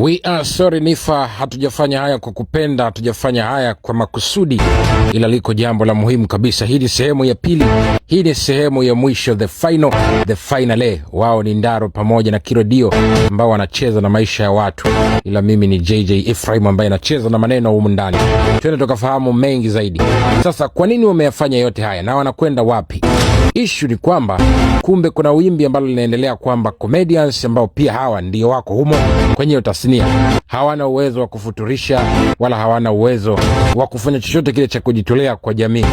We are sorry Nifa, hatujafanya haya kwa kupenda, hatujafanya haya kwa makusudi, ila liko jambo la muhimu kabisa. Hii ni sehemu ya pili, hii ni sehemu ya mwisho, the final, the finale. Wao ni Ndaro pamoja na Kirodio ambao wanacheza na maisha ya watu, ila mimi ni JJ Ephraim ambaye anacheza na maneno humu ndani. Twende tukafahamu mengi zaidi. Sasa, kwa nini wameyafanya yote haya na wanakwenda wapi? Ishu ni kwamba kumbe kuna wimbi ambalo linaendelea kwamba comedians ambao pia hawa ndio wako humo kwenye utasini Tanzania hawana uwezo wa kufuturisha wala hawana uwezo wa kufanya chochote kile cha kujitolea kwa jamii.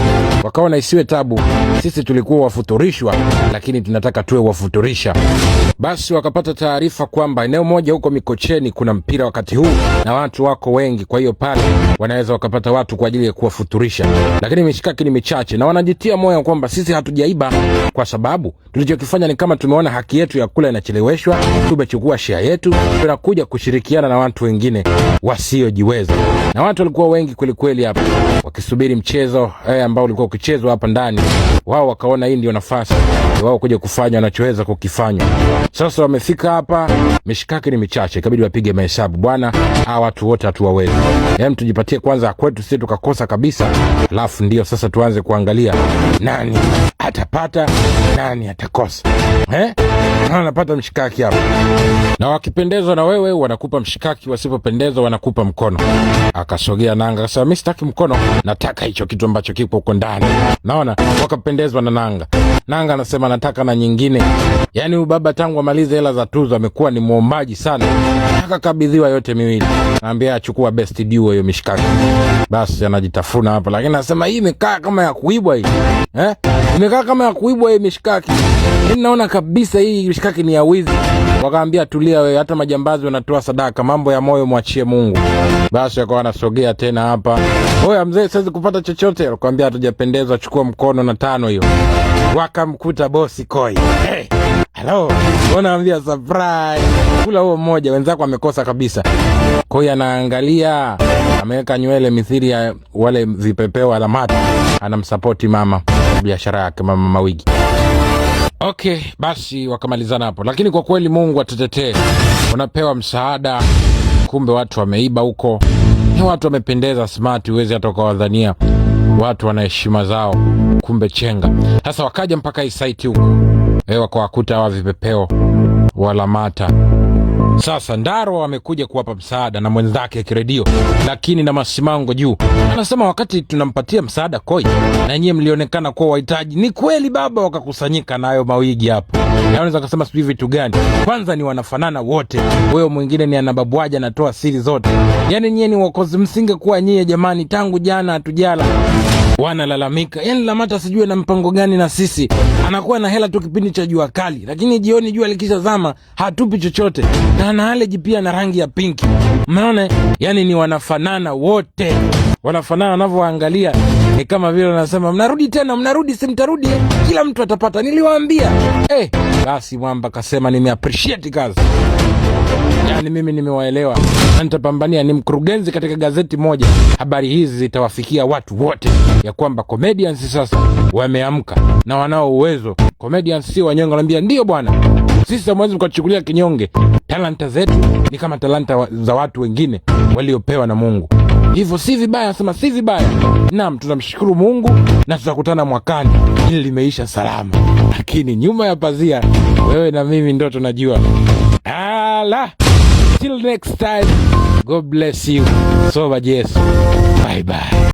Wakaona isiwe tabu, sisi tulikuwa wafuturishwa, lakini tunataka tuwe wafuturisha. Basi wakapata taarifa kwamba eneo moja huko Mikocheni kuna mpira wakati huu na watu wako wengi, kwa hiyo pale wanaweza wakapata watu kwa ajili ya kuwafuturisha, lakini mishikaki ni michache na wanajitia moyo kwamba sisi hatujaiba, kwa sababu tulichokifanya ni kama tumeona haki yetu ya kula inacheleweshwa, tumechukua shia yetu, tunakuja kushirikiana na watu wengine wasiojiweza. Na watu walikuwa wengi kwelikweli hapa wakisubiri mchezo eh, ambao ulikuwa ukichezwa hapa ndani. Wao wakaona hii ndio nafasi wao kuja kufanya wanachoweza kukifanya. Sasa wamefika hapa, mishikaki ni michache, ikabidi wapige mahesabu, bwana, hawa watu wote hatuwawezi, hem tujipatie tupatie kwanza kwetu, sisi tukakosa kabisa, alafu ndio sasa tuanze kuangalia nani atapata nani atakosa eh? Anapata mshikaki hapo, na wakipendezwa na wewe wanakupa mshikaki, wasipopendezwa wanakupa mkono. Akasogea nanga akasema, mi sitaki mkono, nataka hicho kitu ambacho kipo huko ndani. Naona wakapendezwa na nanga. Nanga anasema nataka na nyingine. Yaani ubaba tangu amalize hela za tuzo amekuwa ni mwombaji sana, akakabidhiwa yote miwili, naambia achukua best deal hiyo mishikaki. Basi anajitafuna hapo, lakini anasema hii imekaa kama ya kuibwa hii eh? inakaa kama ya kuibwa hii mishikaki. Mimi naona kabisa hii mishikaki ni ya wizi. Wakaambia tulia wewe, hata majambazi wanatoa sadaka, mambo ya moyo mwachie Mungu. Basi akawa anasogea tena hapa, oya mzee, siwezi kupata chochote. Akaambia hatujapendezwa, chukua mkono na tano hiyo. Wakamkuta bosi Koi. Hey, halo, naambia surprise, kula huo mmoja, wenzako amekosa kabisa. Koi anaangalia, ameweka nywele mithili ya wale vipepeo alamati, anamsapoti mama biashara yake mama Mawigi. Okay, basi wakamalizana hapo, lakini kwa kweli Mungu atutetee. Unapewa msaada, kumbe watu wameiba huko, ni watu wamependeza smart, uwezi hata ukawadhania watu wana heshima zao, kumbe chenga. Sasa wakaja mpaka hii saiti huko, wakawakuta hawa vipepeo walamata sasa Ndaro amekuja kuwapa msaada na mwenzake Kiredio, lakini na Masimango juu anasema wakati tunampatia msaada Koi na nyie mlionekana kuwa wahitaji. Ni kweli baba, wakakusanyika nayo na mawigi hapo, naweza kasema sijui vitu gani. Kwanza ni wanafanana wote, wewe mwingine ni anababwaja anatoa siri zote, yaani nyie ni wakozi, msinge kuwa nyie jamani, tangu jana hatujala wanalalamika, yani Lamata sijui na mpango gani na sisi. Anakuwa na hela tu kipindi cha jua kali, lakini jioni jua likisha zama hatupi chochote, na ana aleji pia na rangi ya pinki. Mmeona, yani ni wanafanana wote, wanafanana wanavyoangalia ni kama vile wanasema mnarudi tena, mnarudi, simtarudi, kila mtu atapata, niliwaambia. Eh, basi mwamba kasema nime appreciate kazi, Yani mimi nimewaelewa na nitapambania. Ni mkurugenzi katika gazeti moja, habari hizi zitawafikia watu wote ya kwamba comedians sasa wameamka na wanao uwezo. Comedians si wanyonge, wanaambia ndio bwana, sisi hamwezi mkachukulia kinyonge. Talanta zetu ni kama talanta wa, za watu wengine waliopewa na Mungu, hivyo si vibaya, sema si vibaya. Naam, tunamshukuru Mungu na tutakutana mwakani, ili limeisha salama, lakini nyuma ya pazia wewe na mimi ndo tunajua. Ala, till next time, God bless you. So, bye bye.